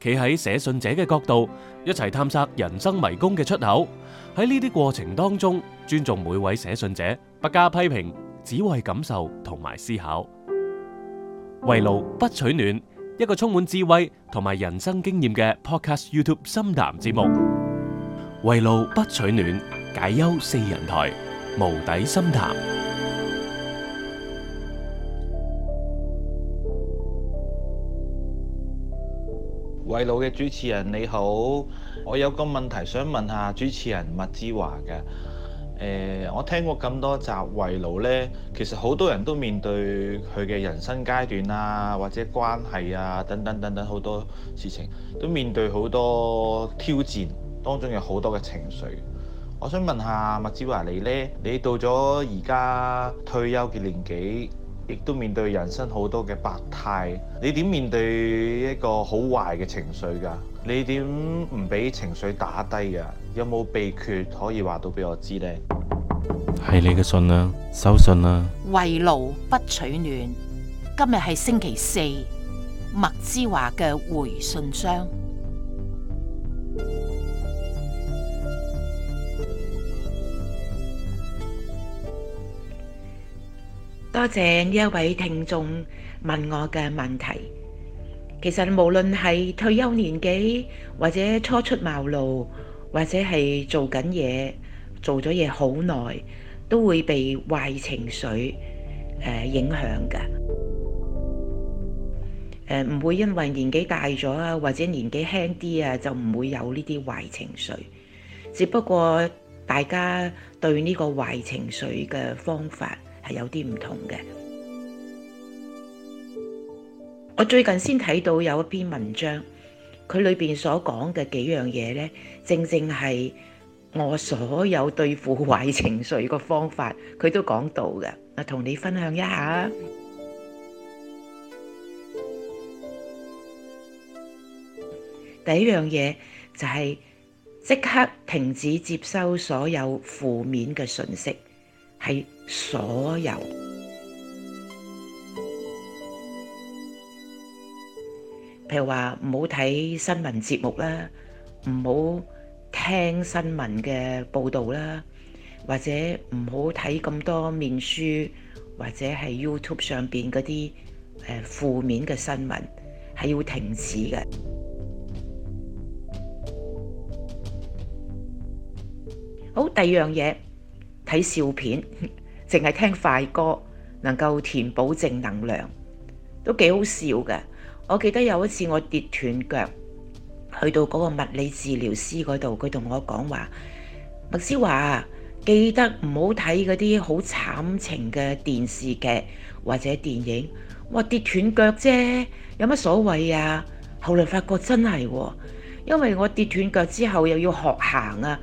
企喺寫信者嘅角度，一齊探索人生迷宮嘅出口。喺呢啲過程當中，尊重每位寫信者，不加批評，只為感受同埋思考。圍爐不取暖，一個充滿智慧同埋人生經驗嘅 Podcast YouTube 深談節目。圍爐不取暖，解憂四人台，無底深談。慧老嘅主持人你好，我有個問題想問下主持人麥之華嘅。誒，我聽過咁多集慧老咧，其實好多人都面對佢嘅人生階段啊，或者關係啊，等等等等好多事情，都面對好多挑戰，當中有好多嘅情緒。我想問下麥之華，你咧，你到咗而家退休嘅年紀。亦都面對人生好多嘅百態，你點面對一個好壞嘅情緒㗎？你點唔俾情緒打低㗎？有冇秘訣可以話到俾我知呢？係你嘅信啦，收信啦。為奴不取暖。今日係星期四，麥之華嘅回信箱。多謝呢一位聽眾問我嘅問題。其實無論係退休年紀，或者初出茅廬，或者係做緊嘢、做咗嘢好耐，都會被壞情緒誒、啊、影響嘅。誒、啊，唔會因為年紀大咗啊，或者年紀輕啲啊，就唔會有呢啲壞情緒。只不過大家對呢個壞情緒嘅方法。有啲唔同嘅，我最近先睇到有一篇文章，佢裏邊所講嘅幾樣嘢咧，正正係我所有對付壞情緒個方法，佢都講到嘅。啊，同你分享一下，第一樣嘢就係、是、即刻停止接收所有負面嘅信息。係所有，譬如話唔好睇新聞節目啦，唔好聽新聞嘅報道啦，或者唔好睇咁多面書或者係 YouTube 上面嗰啲誒負面嘅新聞，係要停止嘅。好，第二樣嘢。睇笑片，淨係聽快歌，能夠填補正能量，都幾好笑嘅。我記得有一次我跌斷腳，去到嗰個物理治療師嗰度，佢同我講話，麥之華：記得唔好睇嗰啲好慘情嘅電視劇或者電影。我跌斷腳啫，有乜所謂啊？後來發覺真係喎、哦，因為我跌斷腳之後又要學行啊。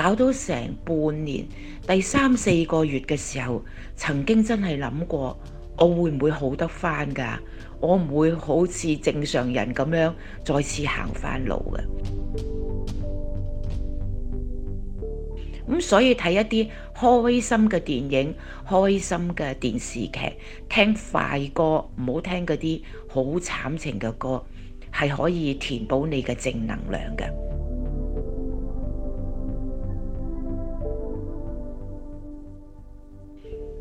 搞到成半年，第三四個月嘅時候，曾經真係諗過，我會唔會好得翻㗎？我唔會好似正常人咁樣再次行翻路嘅。咁、 嗯、所以睇一啲開心嘅電影、開心嘅電視劇，聽快歌，唔好聽嗰啲好慘情嘅歌，係可以填補你嘅正能量嘅。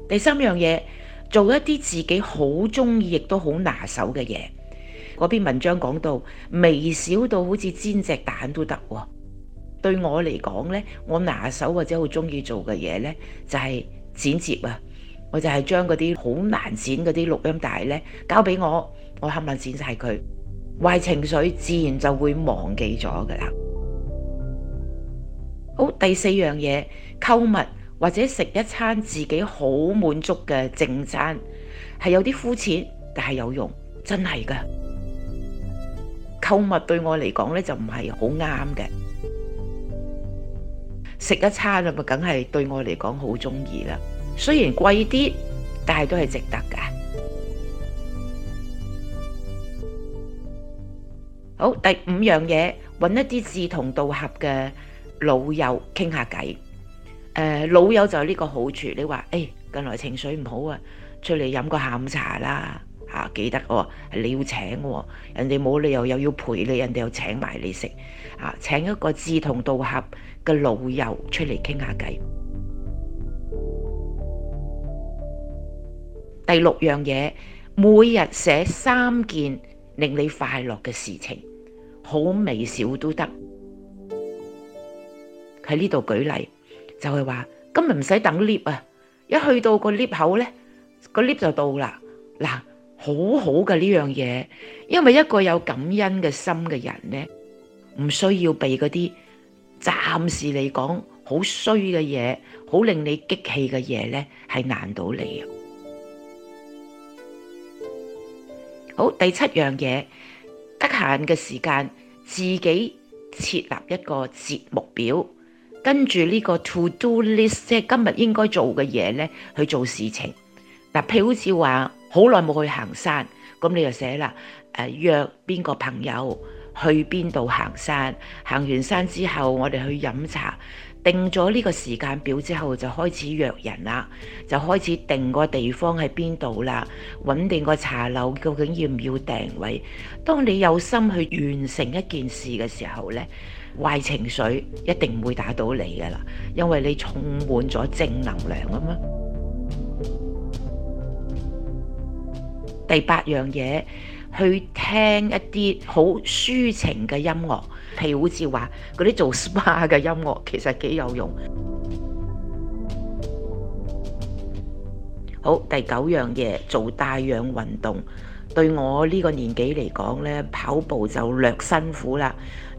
第三樣嘢，做一啲自己好中意亦都好拿手嘅嘢。嗰篇文章講到微小到好似煎隻蛋都得。對我嚟講呢，我拿手或者好中意做嘅嘢呢，就係剪接啊，我就係將嗰啲好難剪嗰啲錄音帶呢，交俾我，我冚唪唥剪晒佢。壞情緒自然就會忘記咗㗎啦。好，第四樣嘢，購物。或者食一餐自己好滿足嘅正餐，係有啲膚淺，但係有用，真係㗎。購物對我嚟講呢就唔係好啱嘅，食一餐咪梗係對我嚟講好鍾意啦。雖然貴啲，但係都係值得㗎。好，第五樣嘢，揾一啲志同道合嘅老友傾下偈。誒、呃，老友就係呢個好處。你話誒、欸，近來情緒唔好啊，出嚟飲個下午茶啦，吓、啊、記得我、哦、你要請、哦、人哋冇理由又要陪你，人哋又請埋你食，吓、啊、請一個志同道合嘅老友出嚟傾下偈。第六樣嘢，每日寫三件令你快樂嘅事情，好微小都得。喺呢度舉例。就係、是、話今日唔使等 lift 啊！一去到個 lift 口咧，個 lift 就到啦。嗱、啊，好好嘅呢樣嘢，因為一個有感恩嘅心嘅人呢，唔需要被嗰啲暫時嚟講好衰嘅嘢，好令你激氣嘅嘢咧，係難到你啊！好，第七樣嘢，得閒嘅時間自己設立一個節目表。跟住呢個 to do list，即係今日應該做嘅嘢咧，去做事情。嗱，譬如好似話好耐冇去行山，咁你就寫啦、啊，約邊個朋友去邊度行山？行完山之後，我哋去飲茶。定咗呢個時間表之後，就開始約人啦，就開始定個地方喺邊度啦，揾定個茶樓，究竟要唔要定位？當你有心去完成一件事嘅時候咧。壞情緒一定唔會打到你噶啦，因為你充滿咗正能量啊嘛。第八樣嘢，去聽一啲好抒情嘅音樂，譬如好似話嗰啲做 SPA 嘅音樂，其實幾有用。好，第九樣嘢，做帶氧運動。對我呢個年紀嚟講咧，跑步就略辛苦啦。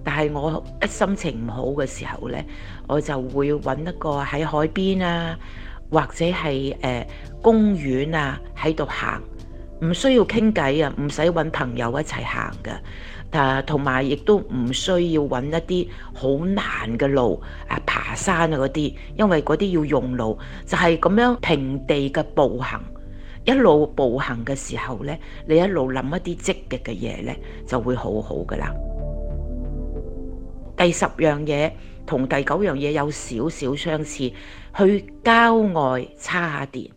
但係我一心情唔好嘅時候呢，我就會揾一個喺海邊啊，或者係、呃、公園啊，喺度行，唔需要傾偈啊，唔使揾朋友一齊行㗎。但，同埋亦都唔需要揾一啲好難嘅路啊，爬山啊嗰啲，因為嗰啲要用路，就係、是、咁樣平地嘅步行，一路步行嘅時候呢，你一路諗一啲積極嘅嘢呢，就會好好噶啦。第十樣嘢同第九樣嘢有少少相似，去郊外叉下電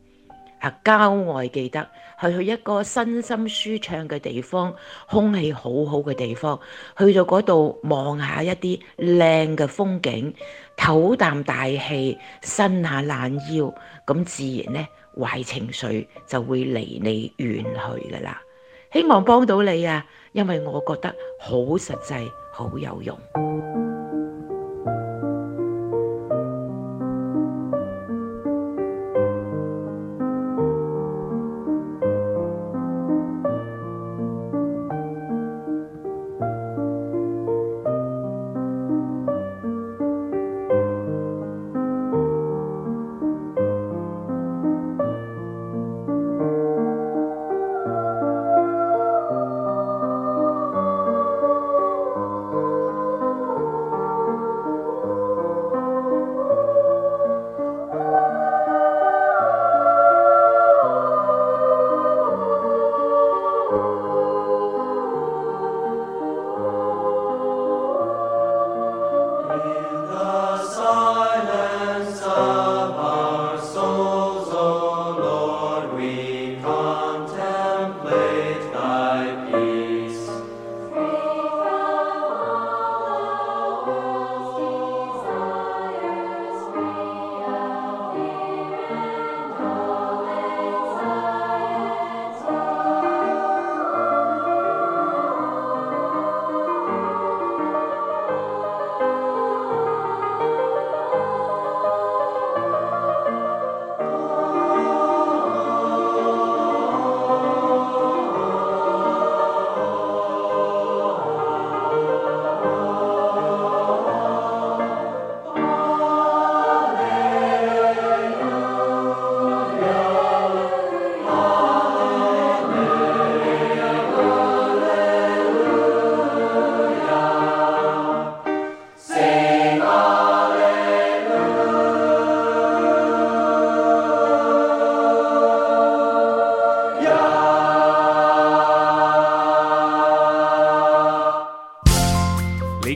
啊！郊外記得去去一個身心舒暢嘅地方，空氣好好嘅地方，去到嗰度望下一啲靚嘅風景，透啖大氣，伸下懶腰，咁自然呢，壞情緒就會離你遠去㗎喇。希望幫到你啊，因為我覺得好實際，好有用。